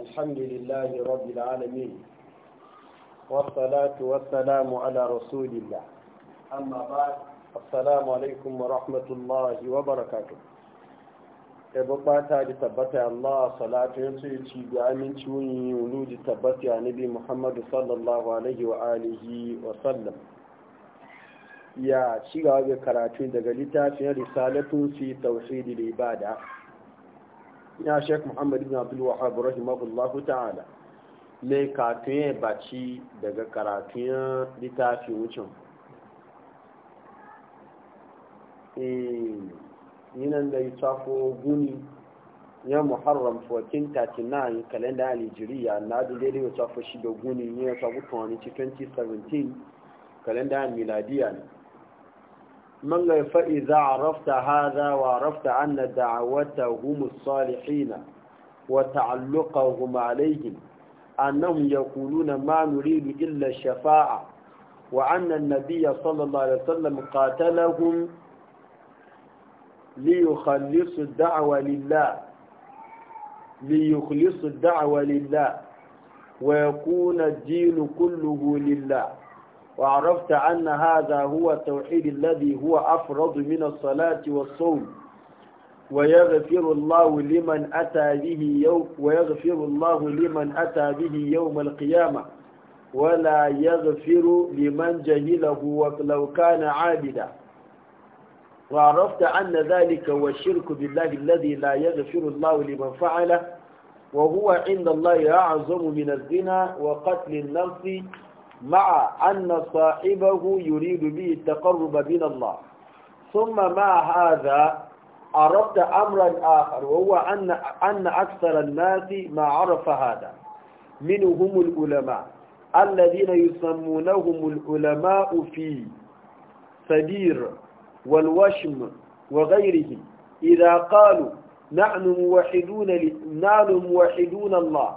الحمد لله رب العالمين والصلاة والسلام على رسول الله أما بعد السلام عليكم ورحمة الله وبركاته ta ji tabbata Allah salatu ya ce ci ga aminci wuni wulu ji tabbata ya nabi Muhammadu sallallahu alaihi wa alihi wa sallam ya ci da karatu daga littafin risalatun fi tauhidil ibada ya sheik muhammad ibn abdul wahab rahimahullah ta'ala le ka ya baci daga karatun littafi wucin yinan eh, da ya safo guni ya muharram 1439 kalenda alijiriya na dole da ya safo shi da guni ya sabu 2017 kalenda miladiya ne من لا فإذا عرفت هذا وعرفت أن دعوتهم الصالحين وتعلقهم عليهم أنهم يقولون ما نريد إلا الشفاعة وأن النبي صلى الله عليه وسلم قاتلهم ليخلصوا الدعوة لله ليخلصوا الدعوة لله ويكون الدين كله لله وعرفت أن هذا هو التوحيد الذي هو أفرض من الصلاة والصوم ويغفر الله لمن أتى به يوم ويغفر الله لمن أتى به يوم القيامة ولا يغفر لمن جهله ولو كان عابدا وعرفت أن ذلك هو الشرك بالله الذي لا يغفر الله لمن فعله وهو عند الله أعظم من الزنا وقتل النفس مع أن صاحبه يريد به التقرب من الله ثم مع هذا عرفت أمرا آخر وهو أن, أن أكثر الناس ما عرف هذا منهم العلماء الذين يسمونهم العلماء في سبير والوشم وغيره إذا قالوا نحن موحدون, نحن موحدون الله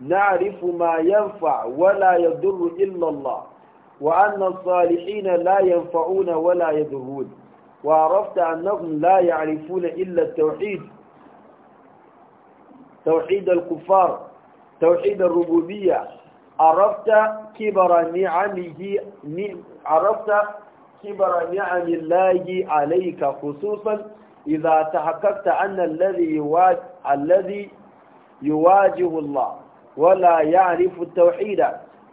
نعرف ما ينفع ولا يضر إلا الله وأن الصالحين لا ينفعون ولا يضرون وعرفت أنهم لا يعرفون إلا التوحيد توحيد الكفار توحيد الربوبية عرفت كبر نعمه عرفت كبر نعم الله عليك خصوصا إذا تحققت أن الذي يواجه, الله ولا يعرف التوحيد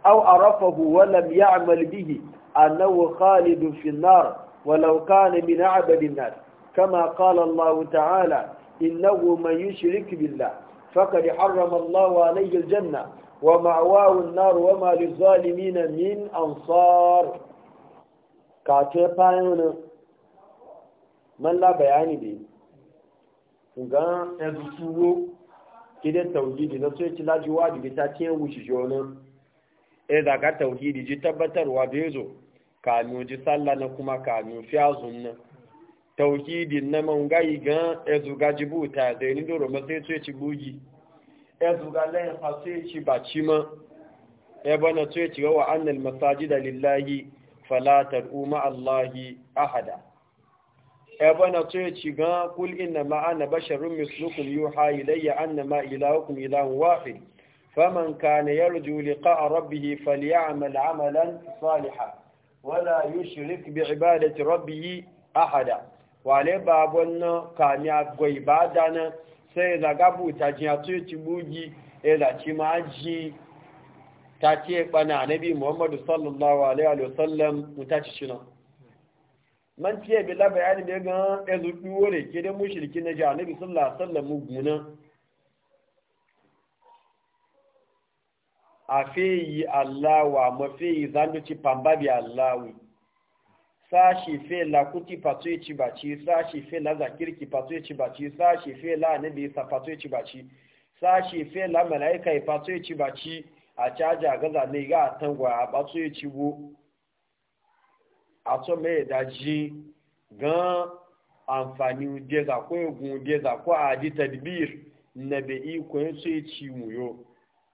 أو عرفه ولم يعمل به أنه خالد في النار ولو كان من أعبد الناس كما قال الله تعالى إنه من يشرك بالله فقد حرم الله عليه الجنة ومعواه النار وما للظالمين من أنصار كاتب من لا بيان به ga kide tauhidi na sai kila ji wajibi ta ce wuce jonin e da ka tauhidi ji tabbatarwa da yazo nu ji sallah na kuma nu fi azun nan tauhidi na man gai ga ezu ga ta, da ni doro ma sai sai ci bugi ezu ga lai fa sai ci baci ma e bana sai ci wa annal masajida lillahi fala tad'u ma allahi ahada ebana to ya ci gan kul inna ma ana basharun mislukum yuha ilayya annama ilahukum ilahun wahid faman kana yarju liqa'a rabbih falyamal 'amalan salihan wala yushrik bi'ibadati rabbih ahada wale babon ka ni agbo ibada na sai da gabu ta jiya to ya ci bugi e da ci ma ji ta ce bana nabi muhammadu sallallahu alaihi wasallam mutaci shi nan man tiye bi la bayani be ga ezu duwore ke de mushriki na ja nabi sallallahu alaihi wasallam guna afeyi Allah wa mafeyi zandu ci pamba bi Allah sashi fe la kuti patu e ci baci sashi fe la zakir ki patu e ci baci sashi fe la nabi sa patu e ci baci sashi fe la malaika ci baci a caja gaza ne ga tangwa patu ci bu ato mai daji gan amfani deza ko egun deza ko adi tadbir na be iko yin sai ci muyo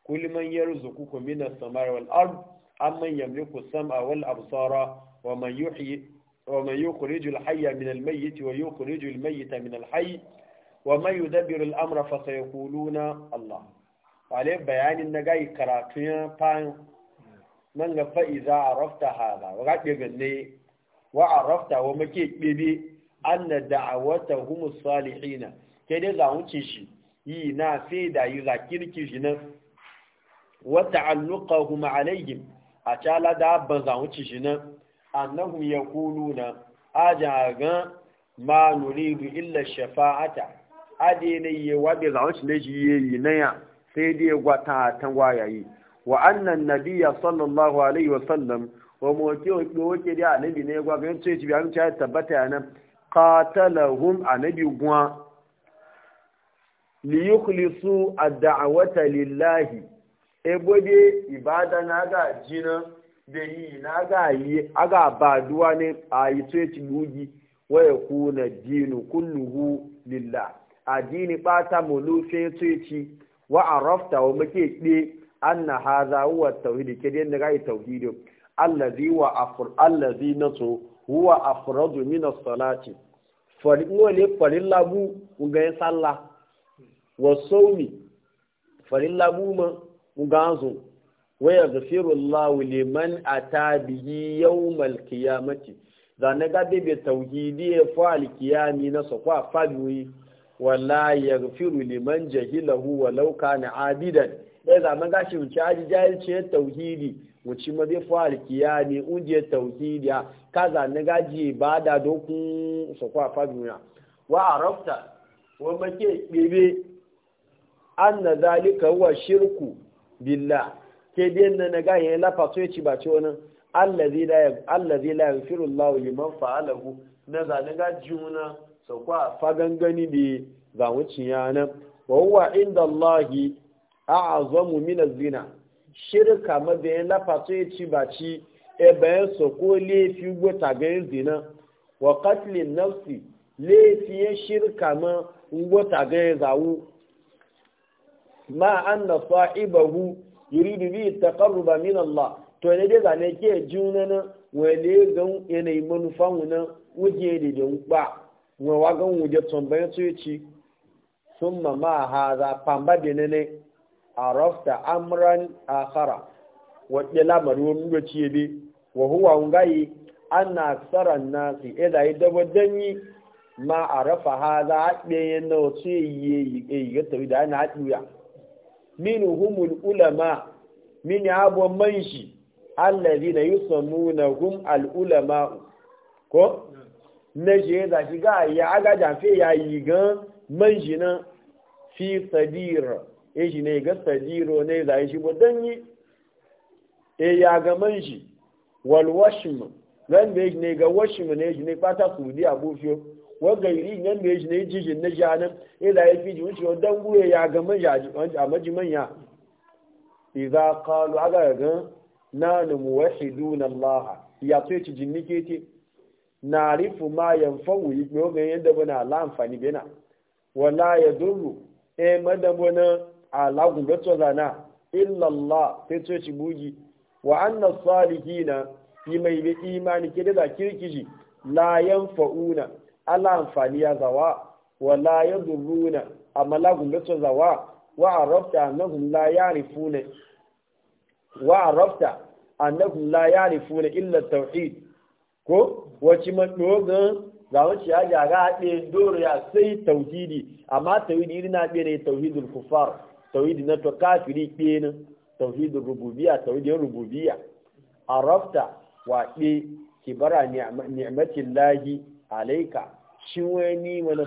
kulman yarzuku ku min as-samar wal ard amman yamliku as-sam'a wal absara wa man yuhyi wa man yukhriju al-hayya min al-mayyit wa yukhriju al-mayyita min al-hayy wa man yudabbiru al-amra fa sayaquluna Allah wale bayanin na gai karatun ya fayin man ga fa'iza a rafta hada wa ga ganne wa arafta wa make bebe anna da'awata humus salihina kai dai za wuce shi yi na sai da yi za kirki shi nan wa ta'alluqahum alaihim a cala da ban za wuce shi nan annahu yaquluna ajagan ma nuridu illa shafa'ata ade ne yi wa da za wuce ne shi yi na ya sai dai gwata tangwa yayi wa annan nabiyya sallallahu alaihi wa sallam wa moke wa wake da annabi ne gwa ganin sai bi an ta tabbata yana qatalahum annabi gwa li yukhlisu ad lillahi e ibada na ga jina da yi na ga yi ba duwa ne a yi sai ci bugi wa dinu kulluhu lillah addini bata mulufe sai wa arafta wa muke ɗe anna hadha huwa at-tauhid kidin da ga tauhidin allazi wa afur allazi nasu huwa afradu min as-salati fari wole farin labu ga salla wa sawmi farin labu ma ga zu wa yaghfiru Allahu liman ata bihi yawmal qiyamati da na gabe be tauhidi fa al-qiyami na so kwa fabiwi wala yaghfiru liman jahilahu walau kana abidan da zaman gashi mu ci aji jahilci tauhidi wuci ma zai fara kiya ne unje tauhidiya kaza na gaji ba da dokun su kwa faduna wa arafta wa make bebe an na zalika wa shirku billah ke biyan na ga yayin lafa so ci ba ce wani allazi la allazi la yaghfiru Allahu liman fa'alahu na zalin gaji una su kwa fagangani bi zawuciya nan wa huwa inda allah a'azamu min az-zina shirka mabiyan lafatu ya ci baci e bayan su ko laifi gwata ga yin zina wa katlin nafsi laifi ya shirka ma gwata ga yin zawu ma an na sa'ibahu yuridu bi taqarruba min Allah to ne dai zane ke juna na wale ga yanayi manufan wuna wuje da da ba wa wa ga wuje tambayan su ya ci summa ma haza pamba da ne arafta amran akhara wadda lamarin wani lokaci ne wa huwa ngai anna aksara nasi ila yi dabadanyi ma arafa hadha adeye no ce yi yi ga da ana aduya min humul ulama min abu manshi na hum al ulama ko na je da shiga ya aga jafe ya yi gan manshi na fi sabira e shi ne ga sajiro ne za shi dan yi e eh, ya ga man shi wal washim ran da ne ga washim ne shi ne fata su di abu fiyo wa gairi nan da shi ne jijin na janan e eh, za yi fi ji wuce dan gure ya ga man a maji manya idza qalu aga ga nanu muwahiduna laha ya to ci jinni na rifu ma yanfa'u yi ga yadda bana la amfani bena wala yadurru e madabona ala gumbeto zana illallah sai to ci bugi wa anna salihina fi mai bi imani ke da kirkiji la yanfa'una ala amfani ya zawa wa la yadurruna amma la gumbeto zawa wa arafta annahum la yarifuna wa arafta annahum la yarifuna illa tauhid ko wace madogan wace ya ga ga ɗaya doro ya sai tauhidi amma tauhidi na ɗaya ne tauhidul kufar tawhidi na to kafiri ɗaya tawhidi rububiya tawhidin rububiya arafta wa ɗe kibara ni'matin lahi alaika shi wani mana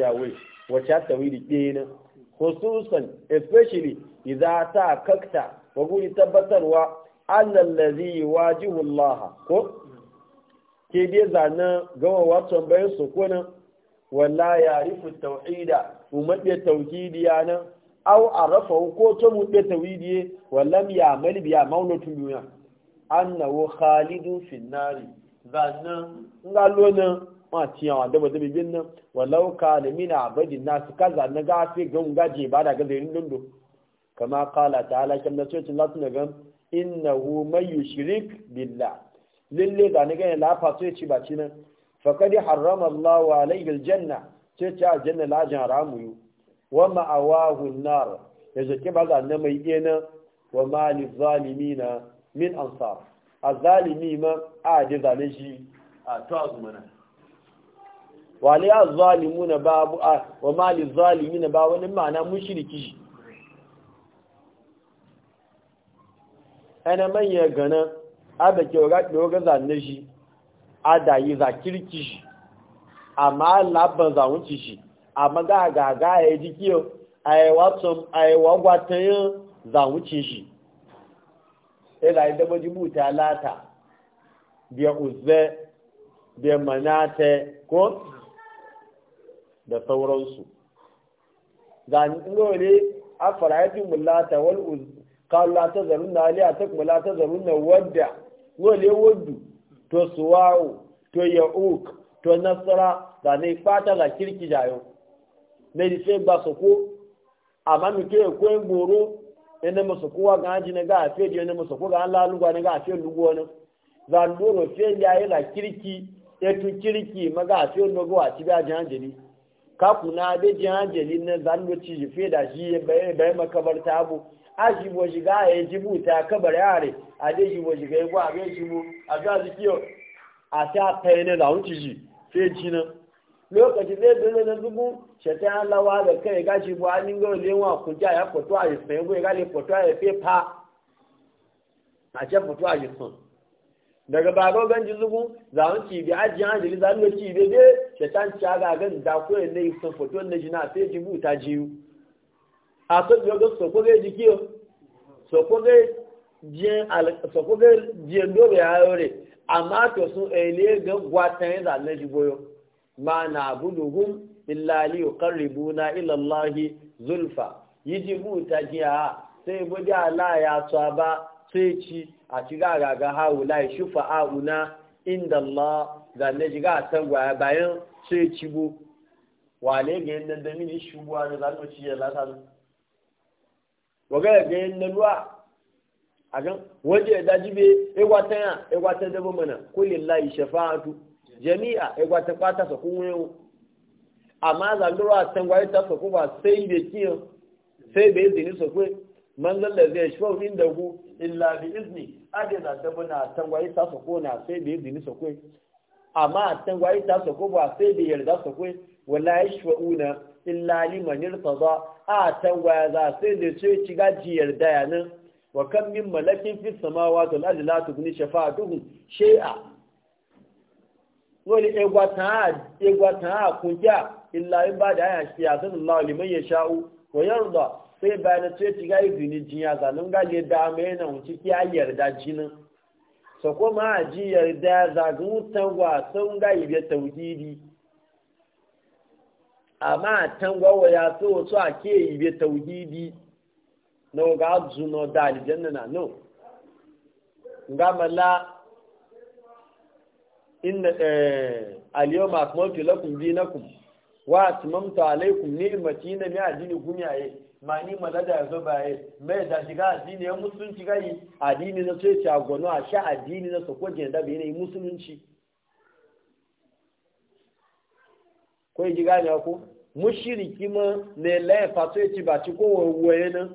ya wai wacce tawhidi ɗaya nan hususan especially idza ta kakta wa guri tabbatarwa allallazi wajihu Allah ko ke dai zana gawa watan bayan soko nan walla ya rifu tauhida umadde tauhidiya nan aw arafa ko to mu de tawidi wallam ya mali biya maulatu duniya annahu khalidun fi nari zanna ngalo ma tiya wa da bada bibin nan walau kana min nas kaza na gafe gan gaje ba da gazarin dundo kama qala ta'ala kam na ce Allah tun ga innahu may yushrik billah lalle da ne ga la fa ci ba ci nan faqad harrama Allahu alayhi aljanna ce ce aljanna la jan ramu wa ma'awahu nar ya ke ba za na mai gena wa mali li zalimina min ansar azalimi ma a ji zane shi a tawazu mana wa li azalimuna babu a wa mali li zalimina ba wani ma'ana mushriki shi ana manya gana a da ke ga zane shi a da yi za kirki shi amma laban zawunci shi amma ga ga ga ya ji kiyo ai watsun ai wagwata yin za wuce shi sai da idan ji ta lata biya uzbe biya manate ko da sauransu ga ne a fara'ifin mulata wal uzze kawo lata zarun na aliya ta kuma lata zarun na wadda wale wadu to suwawo to ya'uk to nasara da ne fata ga kirki jayo mẹ́rin fẹ́ gba sọ̀kó àmàmìtó ẹ̀kọ́ ga ẹnẹ́mọ̀ sọ̀kó ga gan jí ga àfẹ́ di ẹnẹ́mọ̀ sọ̀kó gan lálùgbà nígbà àfẹ́ lùgbọ́ ọ̀nà zandoro fẹ́ yà ẹ̀ là kíríkì ẹtù kíríkì mẹ́gà àfẹ́ lọ́gọ́ àti bí ajá ji kápù náà adé jẹ́ àjẹ̀lí ní zandoro ti yìí fẹ́ dà sí ẹbẹ̀ makabar ta kabar yare adé jibo shiga ya gwa abẹ́ jibo àti ti lokaci zai dole na zubu shata ya lawa da kai ga shi bu an ga lewa ku ja ya foto a yi sai ga le foto a yi fa a ce foto a yi sun daga bago ganji zubu za mu ci bi aji an jili za mu ci bi de shata ta ga gan da ko ne yi sun foto ne jina sai ji bu ta jiyu a to yo go so ko ga ji kiyo so ko ga je al so ko ga je ndo ya yore amma to sun ele eh, ga gwatan za ne ji boyo ma na buduhun illali yuqarribuna ila Allah zulfa yijibu tajiya sai budi ala ya tsaba sai ci a shiga gaga haula shufa'auna inda Allah da ne a san gwaya bayan sai ci bu wale ga yanda da mini shubuwa da zan ci ya lasa waga ga yanda ruwa a gan waje da jibe egwatan ya egwatan e e dabo mana kulin kullillahi shafa'atu jami'a ya gwata kwata su kun wuyo amma zandura san gwai ta su ba sai da kiyo sai bai zini su kwe man zalla zai shawo da ku illa bi izni ade da da bana san gwai ta su kona sai da zini su kwe amma san gwai ta su ba sai bai yarda su kwe wallahi shawuna illa liman irtada a san gwai za sai da ce ci gaji yarda yanin wa kam min malakin fi samawati wal ardi la tughni shafa'atuhum shay'a wani egwatan a kunkiya illa ba da hanyar shi ya sha'u ko yarda sai bayan izini jiya zanen da mai na wuce ki a yarda jinin so kuma a ji yarda zagin wutan wasan ga ibe tauhidi amma tangwa wa ya so wasu a ibe tauhidi na inna al-yawma akmaltu lakum dinakum wa atmamtu alaykum ni'mati na mi adini gumiyaye ma ni malada ya zo baye mai da shiga addini ya musulunci gai addini na sai ci agono a sha addini na sokwa jin da bai musulunci ko yi gane ko mushriki ma ne lai fato ya ci ba ci ko wawaye na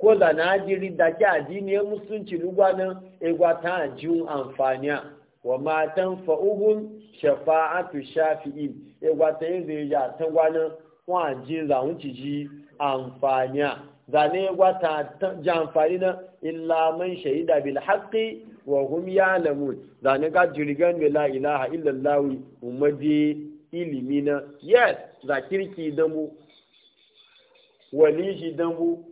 ko da na jiri da ki addini ya musulunci lugwa nan egwa ta jin amfaniya wa matan fa'uhun shafa'atu shafi'in ya e, gwata yin zai ya ta gwanin wajen zaun ci ji amfaniya zane ya gwata ji amfani na ilaman shaida bil haƙi wa hum ya lamu zane ga jirgin mai la'ilaha illallawi umarji ilimi na yes za kirki mu wali shi mu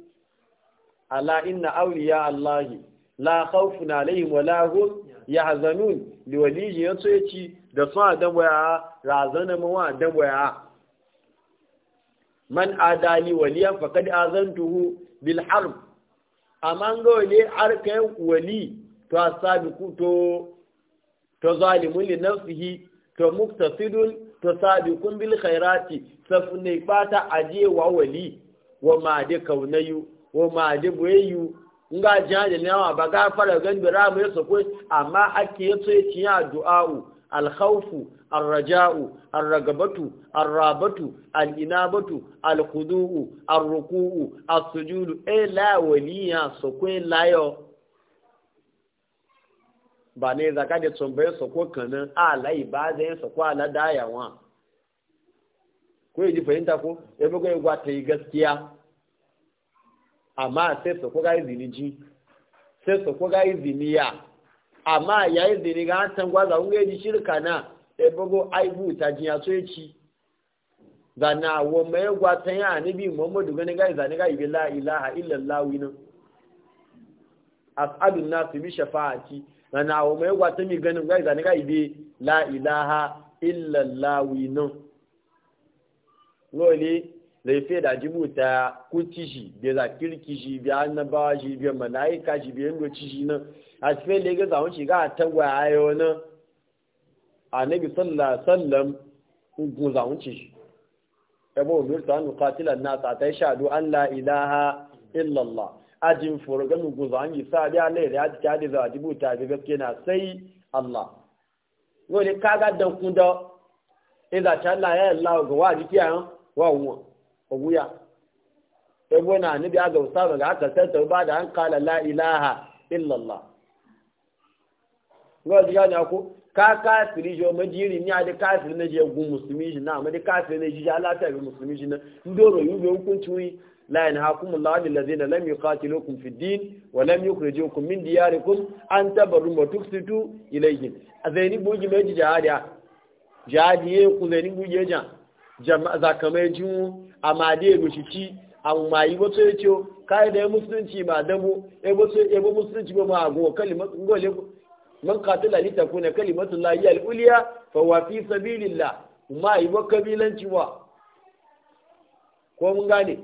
ala inna auliya allahi la khawfun alaihim wa la hum ya hazanun liwaliyin ya tsoye ci da sun adam waya razana mawa adam waya man adali waliyan fakad azantuhu bilharb harb amma ga wale yin wali to asabiku to to zalimun li nafsihi to muktasidun to sabiqun bil khairati safne bata ajewa wali wa ma de kaunayu wa ma de nga jiya da yawa ba gafara gan bi mu ya sako amma ake yato ya ciya du'a'u alkhawfu arraja'u arragabatu arrabatu alinabatu alkhudu'u arruku'u as-sujudu ila e, waliya sako layo ba ne zaka da tsombe sako kanan ala ibada sako ala dayawa ko yi fahimta ko ya bugo ya gwata yi gaskiya amma sai su kuga izini ji sai su kuga izini ya amma ya izini ga hatan gwaza kun ga ji shirka na e bugo aibu ta jiya so yaci zana wo mai gwatan ya annabi muhammadu gani ga izani ga ibi la ilaha illa allah wina as'alun nasu bi shafa'ati zana wo mai gwatan mi ganin ga izani ga bi la ilaha illa allah wina lole zai fi da jibuta kuci shi bai za kirki shi bai annabawa shi bai mala'ika shi bai yandoci shi nan a cikin da ya gaza wani shiga a tagwa a yau nan a nabi sallam hukun zaunci shi yabo umar ta hannu katilan nasa ta yi shaɗu an la ilaha illallah ajin furugan hukun zaunci sa biya lai da ya ci kyadi za a jibuta ga gaske na sai allah wani kaga dan kunda idan ta Allah ya Allah ga wa jiki a wa wuwa wuya ebo na ni biya ga usaba ga aka sai ba da an kala la ilaha illallah ngo diga ni ako ka kafiri jo majiri ni ade kafiri na je gun muslimi ji na ma de kafiri na ji ala ta bi muslimi ji na ndoro yu be hukunci wi la yanhaakum Allahu lil ladina lam yuqatilukum fid din wa lam yukhrijukum min diyarikum an tabarru wa tuksitu ilayhim azaini buji meji jihadiya jihadiye ku zaini buje jan jama'a zakamai jinwu amma dai ci a yi wato ya ciyo kayi da ya musulunci ma dabo ya ba musulunci ba ma go kalimatun gole man katila na takuna kalimatun layi, al'uliya fa wa fi sabilillah ma yi wa kabilanci wa ko mun gane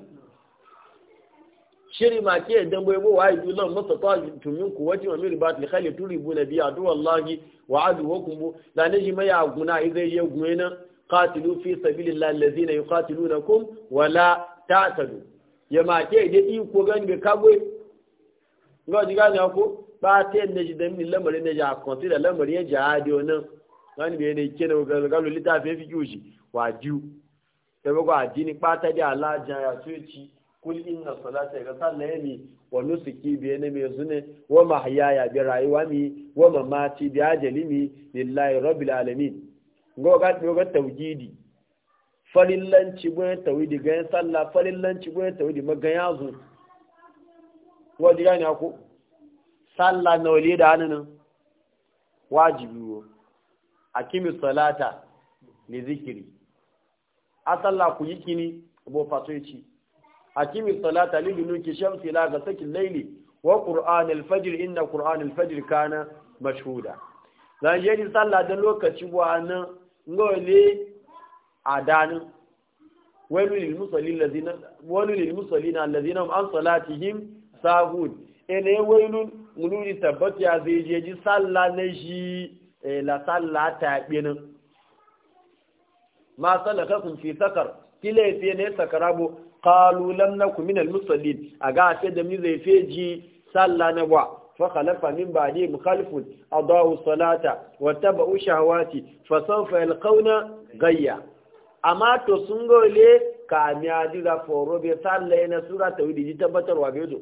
shiri ma ke dan bai bo wai dulan masa ta tumin ku wati wa miri batil khali turibu nabi adu wallahi wa adu hukum da ne shi mai aguna idai ya gune qatilu fi sabilillahi allazina yuqatilunakum wala ta'tadu yama ke da iko gani be kagwe ngo diga ni ko ba te ne ji da min lamarin ne ja konti da lamarin ya ja di onan gani be ne ke ne ga ga lita fe fi juji wa ju da ba ga ji ni pata da ala ja ya suci kul inna salata ga sallami wa nusuki bi ne mai zune wa mahyaya bi rayuwa mi wa lillahi rabbil alamin goga goga tawjidi farillanci gwen tawidi ga sallah farillanci gwen tawidi magaya wa diga ni ako sallah na wali da hannun wajibi wo akimi salata li zikiri a sallah ku yi kini fato yici akimi salata li ki shamsi la ga sakin laili wa qur'an al-fajr inna qur'an al-fajr kana mashhuda zan yi sallah da lokaci wa nan ngole adanu walu lil musallin ladina walu lil musallin allazina an salatihim sahun ene wailu ngulu tabbati ya zai je ji salla ne shi e, la salla ta binin ma salakakum fi sakar kile fi ne sakarabu qalu lam nakum min al musallin aga ce da mi zai feji salla na ba فخلف من بعدهم خلف أضاعوا الصلاة واتبعوا الشهوات فسوف يلقون غيا أما تسنغو لي كامي عديد فورو بيصال لنا سورة تويد جيتا بطر وابيضو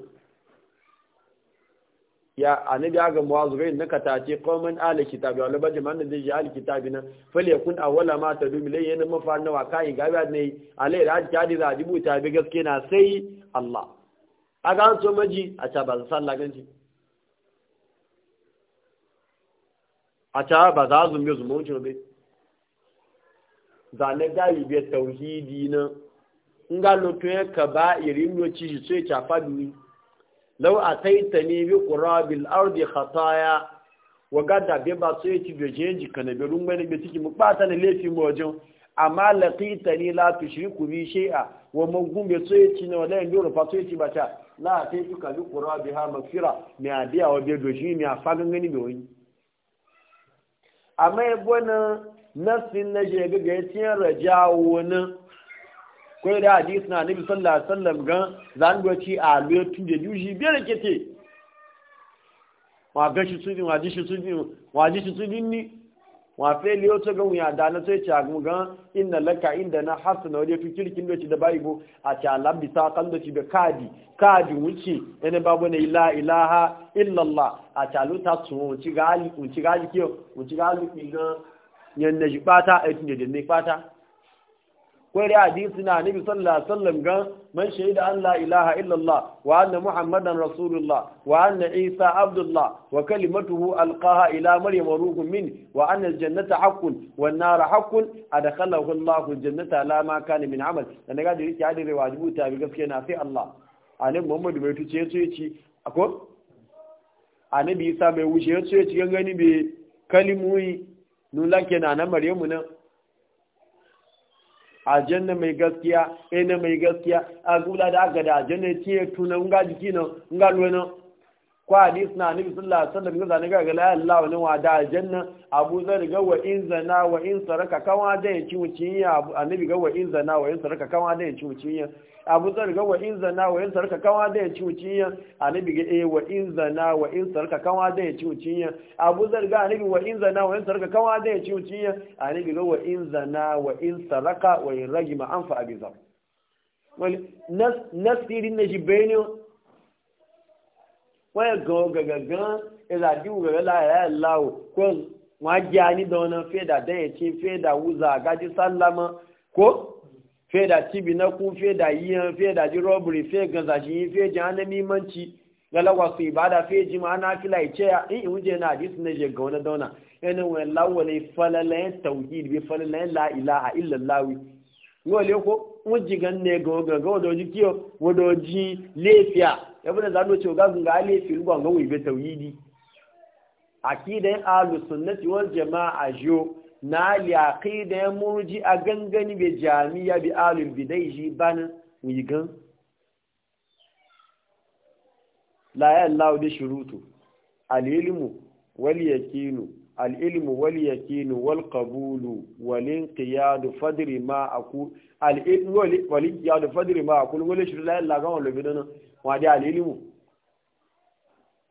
ya annabi ya ga muwazu gai na katace qauman ahli kitabi wala baje man da ji ahli kitabi na fal yakun awwala ma tadum ilay yana mafa na wa kai gabi ne alai da ta di da dibu ta bi gaske na sai Allah aga so maji a ta ba sallah ganci a ta ba za su mai zuma wucin bai zane gayi bai tauhidi na in ga lotu ya ka ba irin yoci shi sai ta fadi lau a taita ne bi kurabil ardi wa gada bai ba sai ci da jeji kana bi rungun bai ciki mu bata ne laifin mu ma amma ta ni la tushriku bi shay'a wa ma bai sai ci ne wala indoro fa sai ci ba ta la taita ka bi kurabiha magfira ne adiya wa bai doji ne a fagan gani bai wani amma ya gwana nasin na je ga gaitiyar rajawo na kwai da hadisi na nabi sallallahu alaihi wasallam gan zangoci a lokacin da yuji biyar kete wa gashi su din wa ji shi su din wa ji shi su din ni wafe liyo to gan wuya da na sai ci agun gan inna laka inda na hasana na fi kirkin doci da bai bo a ci alambi ta kan doci da kadi kadi wuce yana babu na ila ilaha illallah a ci aluta e tun wuci gali kiyo wuci gali kiyo yan na shi fata a yi tun da ne fata ko da hadisi na nabi sallallahu alaihi wasallam gan man shahida an la ilaha illallah wa anna muhammadan rasulullah wa anna isa abdullah wa kalimatuhu alqaha ila maryam ruhun min wa anna aljannata haqqun wan nar haqqun adkhalahu allah aljannata la ma kana min amal dan ga da yake hadin wajibu ta bi gaskiya na sai allah anan muhammadu bai tuce ya ci ako annabi isa mai wuce ya ci gangani be kalimoyi nun lake na na maryamu nan ajanna mai gaskiya ina mai gaskiya a gula da aka da ajanna ya ce tunan nga jiki nan nga lona ko hadis na annabi sallallahu alaihi wasallam ga zanaga ga la Allah ne wa da aljanna Abu Zar ga wa in zana wa in saraka kawa da ya ci wucin ya annabi ga wa in zana wa in saraka kawa da ya ci wucin ya Abu Zar ga wa in zana wa in saraka kawa da ya ci wucin ya annabi ga eh wa in zana wa in saraka kawa da ya ci wucin ya Abu Zar ga annabi wa in zana wa in saraka kawa da ya ci wucin ya annabi ga wa in zana wa in saraka wa in ragima anfa abi zar wal nas nasirin najibani wọ́n yẹ gan gẹ̀gẹ̀gán ìlàdíwò gẹ̀gẹ̀ láyà ẹ̀ láwò kó wọ́n á jẹ́ anídọ́nà fẹ́ẹ̀dà dẹ́yìn tí fẹ́ẹ̀dà wúzà àgájí sálámà kó fẹ́ẹ̀dà tíbi náà fẹ́ẹ̀dà yíyan fẹ́ẹ̀dà jí rọ́bìrì fẹ́ẹ̀gàn sàṣìyìn fẹ́ẹ̀jẹ̀ ánẹ́mí mọ́ǹtì galagwasu ibada fẹ́ẹ̀jì máa ná in ìṣe ìyìn oúnjẹ náà àdìsí náà ṣe gan dọ́nà ẹni wọn láwọlé falẹ́lẹ́ tàwùjì la wuji gan ne ga ga ga wado ji kiyo wado ji lefiya yabuna za mu ce ga ga lefi ruwan ga wibe tauhidi akidan ahlus sunnati wal jamaa jo na li akidan murji a gangan gangani be ya bi alu bi dai ji ban wigan la ya Allah da shurutu al-ilmu wal yaqinu al’ilmu wal yakinu wal qabulu walin qiyadu fadri ma a kulu wale shi rila yalla gawon lobe wadi al’ilmu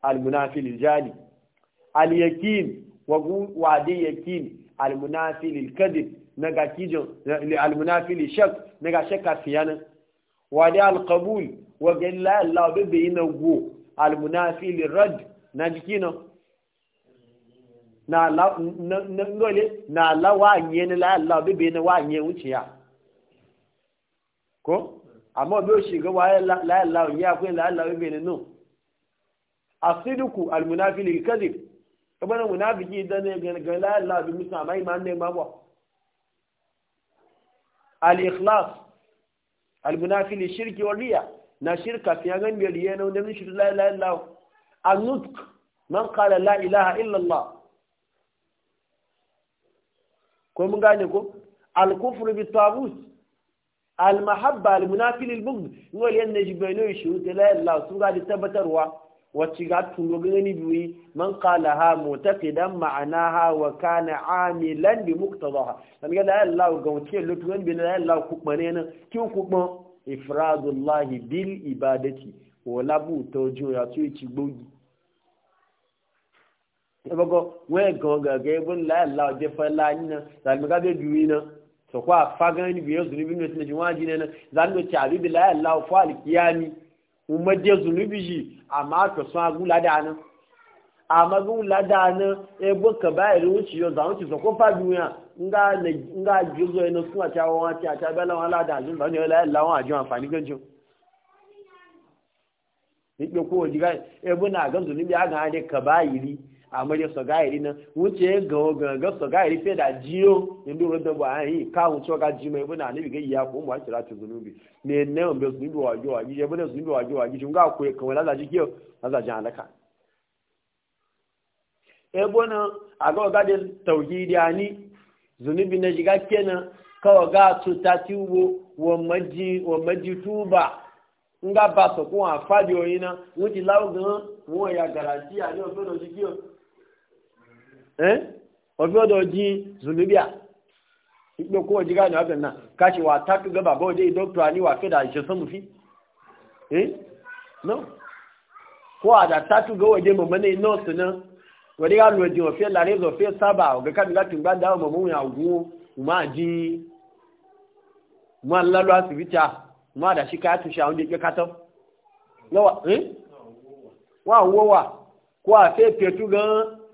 al-munafil jali al-yakin wadi yakin al-munafil kadib na ga kijin al-munafil shak na ga shakka fiyanin wadi al-qabul wa gani la yalla wabe bayi na go al-munafil rad na jikinan na ngole na la wa nye ni la la bi bi ni wa nye wuce ya ko amma bi o go wa la la ya ko la la bi bi ni no asiduku kadhib to kuma munafiqi da ne ga la la bi musa mai man ne ma ba al-ikhlas al al shirki wal riya na shirka fi ga ne riya na wanda shi la la la an man qala la ilaha illa allah ko mun gane ko al-kufru bi tawus al-mahabba al-munafil al-bughd wal yanna jibainu shuhud la ilaha sun ga wa wacce ga tuno gani biyu man qala ha mutaqidan ma'anaha wa kana amilan bi muqtadaha dan ga la ilaha ga wuce lutu gani bi la la ku bane na ki ku bon ifradullahi bil ibadati wala bu tojo ya ci gbogi ebogo wee go ga ga ebun la la je fa la na zal mi ga be na to kwa fa ga ni biyo zunubi ne tinaji waji ne na zal mi ta bi la la fa al kiyami umma je zunubi ji a to so agu la a na amma gu la da na ebo ka ba ri wuci yo za wuci so ko fa duya nga ne nga juzo eno sun a ta wa ta ta bela wa la da jun ba ni la la wa ajun afani ganjo ni ko ko na ebuna ga zunubi aga ade ka ba yiri amarya sọgáìrí náà wọ́n ti ẹ́ gan gangan sọgáìrí fẹ́ dà jí ó nílùú rẹ̀ dánwò àárín káwọn tí wọ́n ká jí mọ́ ẹ̀fọ́ náà níbi kéyìí àpò mọ́ ya ti zùnú bì ní ẹ̀ náà bẹ̀ nílùú nílùú ńgá kó wọn lásàjì kí ọ lásàjì àlẹ́kà. náà àgọ́ ọ̀gá ìdí àní náà ṣìgá ọ̀gá tí wo wọ́n túbà ńgá bá sọ̀kún àfáàdì òyìn náà wọ́n ti wọ́n ya àní ọ̀fẹ́ lọ́sí kí ọdún ọdọ jí zulubia ìgbẹ́ kó ọjí gáàdì ọgbẹ̀ náà káṣí wà tákì gọba bọ́ ọdẹ ìdọ́kítọ̀ àníwà fẹ́dà ìṣẹ́sọ́mùfí kó àdà tákì gọwọ́ ọdẹ mọ̀mọ́nà iná ọ̀sánná wọ́dẹ́ gá lọ jìn ọ̀fẹ́ lárí ọ̀fẹ́ sábà ọ̀gẹ́kàdùgbàdà ọmọ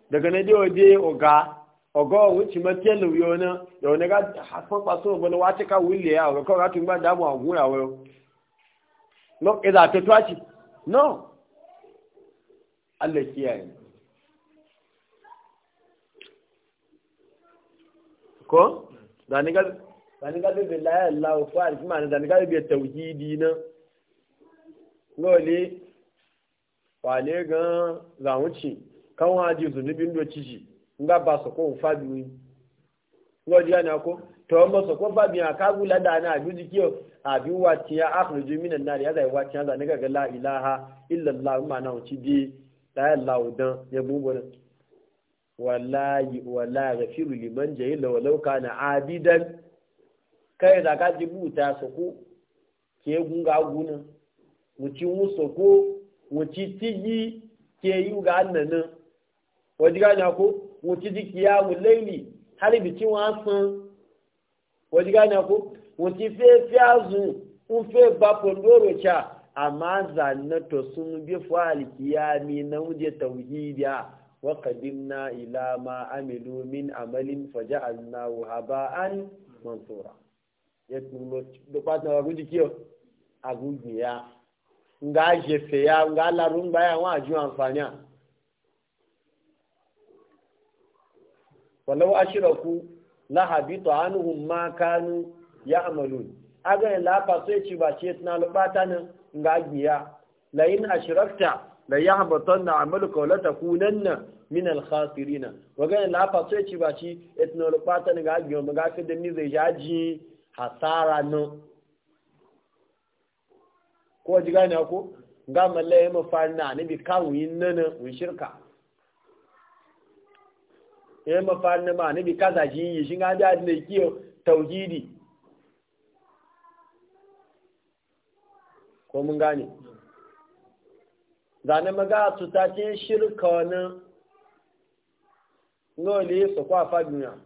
daga na dewa de oga oga ohun ti ma yalu yo na da wani ga hasan kwaso wani wace ka wile ya oga kawai ratun ba damu a gura wayo no iza ta twaci no Allah kiyaye ko zanigal zanigal bi billahi Allah fa alkima zanigal bi tauhidi na ngole wale gan zawuci kan waji zunubin doci shi nga ba su ko fabi wi ngo ji ana ko to mo so ko fabi a kagu la da na ju kiyo a bi ti ya ju minan nar ya zai ti ya zani ga la ilaha illa allah ma na wuci bi la allah dan ya bu bu wallahi wala ghafiru liman jahila walau kana abidan kai da ka jibuta su ko ke gunga guna wuci musu ko wuci tigi ke yi ga annanin wọ́n gánà kó mo ti di kìí àwọn lẹ́yìn hálìbì tí wọ́n á san wọ́n gánà kó ti fẹ́ fẹ́ àzùn ń fẹ́ bá pọ̀ndóró cha àmà zànà tó sunu bí fọ́ àlìkìyà mi náà ń jẹ tàwùjíìdìá wọ́n kàdí ìlà min àmàlín fàjà àlùnà wàhábà án mọ̀nsóra. yẹ kí n lọ dọ́pá náà wà gúdí kí ọ walau ashiraku la habitu anhum ma kanu ya'malun aga la fa sai ci ba ce na lubata nan ga giya la in ashrakta la yahbatanna amaluka la takunanna min al khasirin waga la fa sai ci ba ci etno lubata nan ga giya ga ka da ni zai jaji hasara nan ko ji gane ko ga mafarna ne bi kawuyin nan mun shirka ya mafarin ma nabi kaza shi yi shi ga da ne kiyo tauhidi ko mun gane zane maga su ta ce shirka wani nole su kwa fadina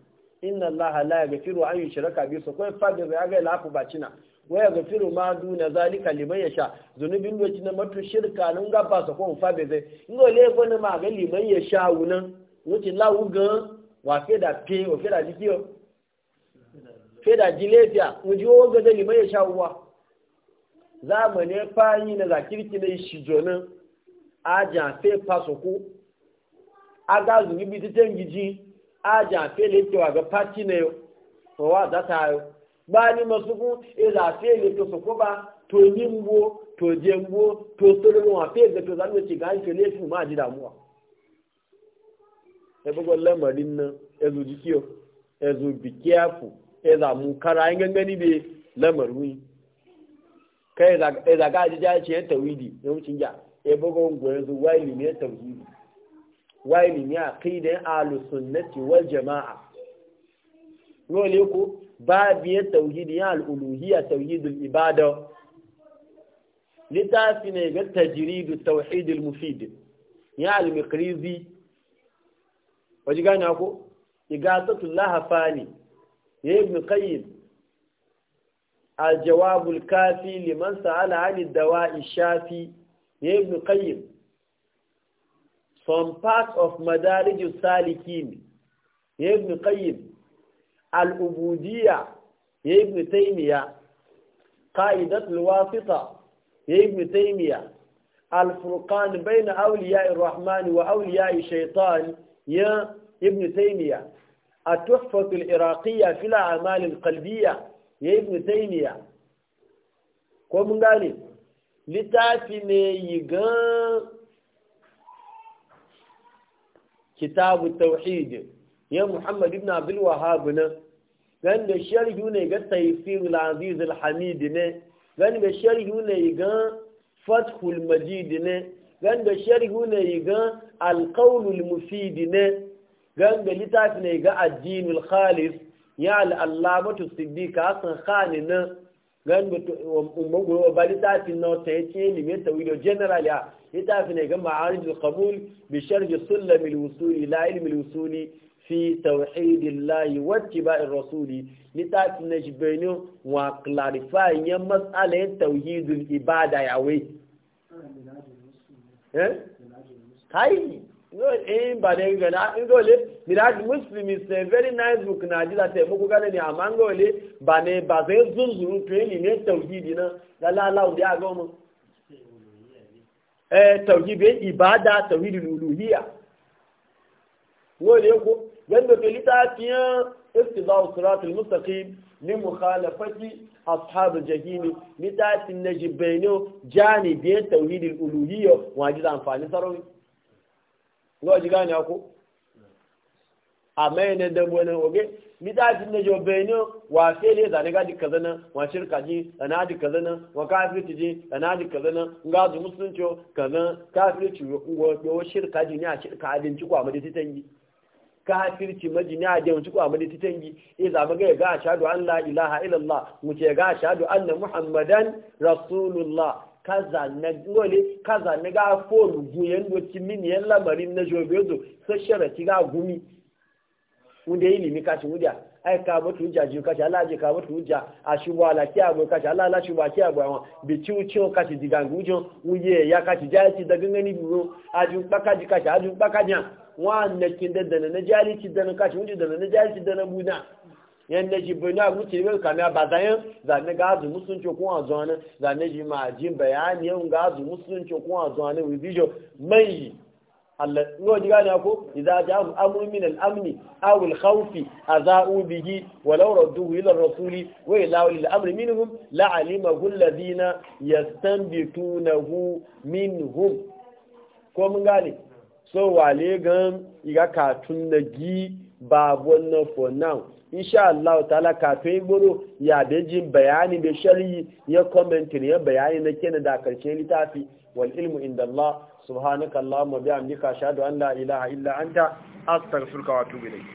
inna allaha la yaghfiru an yushraka bihi su kwa fadina ya ga lafu bacina waya gafiru ma duna zalika liman yasha zunubin doci na matu shirka nan gaba su ko fa be zai ngo ma ga liman yasha wunan wọ́n ti láwú gan wà fẹ́dà pé ò fẹ́dà jí kí ọ fẹ́dà jí lẹ́fíà wọ́n jí owó gẹ́gẹ́ lè mẹ́yẹ̀ ṣáwọ́wà zamani fáyí na zakirki na ìṣìjọ náà ajá fẹ́ pasoko agazu níbi títẹ́ gidi ajá fẹ́ lè tẹwà ga pàtí na yọ fọwọ́ àdáta yọ gbá ní masukun ìlà fẹ́ lè tẹ sọkọ́ bá tó ní mbó tó jẹ mbó tó sọ́lọ́wọ́n àfẹ́ ìgbẹ̀tọ̀ zanúwẹ̀ ti gáyìí tó lè fún máa damuwa. ya bugon lamarin nan ya zo ji kiyo ya zo bi kiyafu ya zamu kara yin gangani bai lamarin kai ya zaga a jija ce ya tawidi ya wucin ya ya bugon gwaya zo wa ilimi ya tawhidi wa ilimi a kai alu sunnati wal jama'a yau ko babu ya tawhidi ya al'uluhiyya tawhidul ibada littafi ne ga tajiridu tawhidul mufid ya al-mikrizi waje gane ku igatatu lahafani ya ibn qayyim al kafi liman sa'ala 'ani dawa'i shafi ya ibn qayyim from part of madarij salikin ya ibn qayyim al ubudiya ya ibn taymiya qa'idat al-wasita ya ibn taymiya al-furqan bayna awliya'ir-rahman wa awliya'i shaitan. ya ibn taymiya a tuhfatul iraqiyya fil a'mal qalbiyya ya ibn taymiya ko mun gane littafi ne yigan kitabu tauhid ya muhammad ibn abdul wahhab nan gan da sharhi ne ga tafsirul aziz al hamid ne gan da sharhi ne ga fathul majid ne ganda sharhu ne ga alqaulul mufid ne ganda litafi ne ga addinul khalis ya al'allamatu siddiqa hasan khani um, um, um, na ganda umma ba litafi no ta yace ni me tawido general ya litafi ne ga ma'arijul qabul bi sharh sulamil wusuli la ilmil wusuli fi tauhidillahi wattiba'ir rasuli litafi ne jibenu wa clarify yan mas'alatin tauhidul ibada yawe Eh? kai eh, in ba da gana in a very nice book na ji da ta muku gane ne amma gole ba ne ba zai zunzuru to ne tauhidi na la la la ubi aga mu eh tauhidi ibada tauhidi uluhiyya gole ko yanda to litafiyan istidau siratul mustaqim ni mukhalafati ashabu jahimi ni datin na jibaino janibiyar tauhidin uluhiyya wajiz amfani sarawi ga ji gane ako amen ne da wani oge ni datin na jibaino wa fele zane ga dika kazana? wa shirka ji ana dika kazana? wa kafirci ji ana dika kazana? ga zu musulunci kazana kafirci wa shirka ji ne a shirka abinci kwa madaci tangi kafirci majina a jami'ci ko amali ta tangi ya zama ga ga shahadu an la ilaha illallah muke ce ga shahadu anna muhammadan rasulullah kaza na gole kaza na ga fonu guyen doki min yan lamarin na jobezo sai sharati ga gumi wanda yi limi kashi wuja. ai ka mutu hujja ji kashi Allah ji ka mutu hujja a wa ala kiya go kashi Allah la wa kiya go awon bi ci o kashi digangujo wuye ya kashi jaci da gangani biro ajun bakaji kashi ajun bakajan wannan da daddana na jali ci dana kashi wuce dana na jali ci dana buna yan na ji na wuce ne ka na bazayan zanne ga azu musulunci ko a zuwa nan zanne ji ma ji bayani yan ga azu musulunci ko a zuwa nan video mai Allah no ji gani ko idza ja'a amrun min al-amni aw al-khawfi azaa'u bihi wa law radduhu ila ar-rasuli wa ila ulil amri minhum la'alimahu alladhina yastanbitunahu minhum ko mun gani. so wale gan iga katun na gi ba wannan for now insha Allah ta'ala kafin goro ya da jin bayani da shari'i ya commentary ya bayani na kenan da karshe littafi wal ilmu inda Allah subhanaka Allahumma amrika shadu an la ilaha illa anta astaghfiruka wa atubu ilayk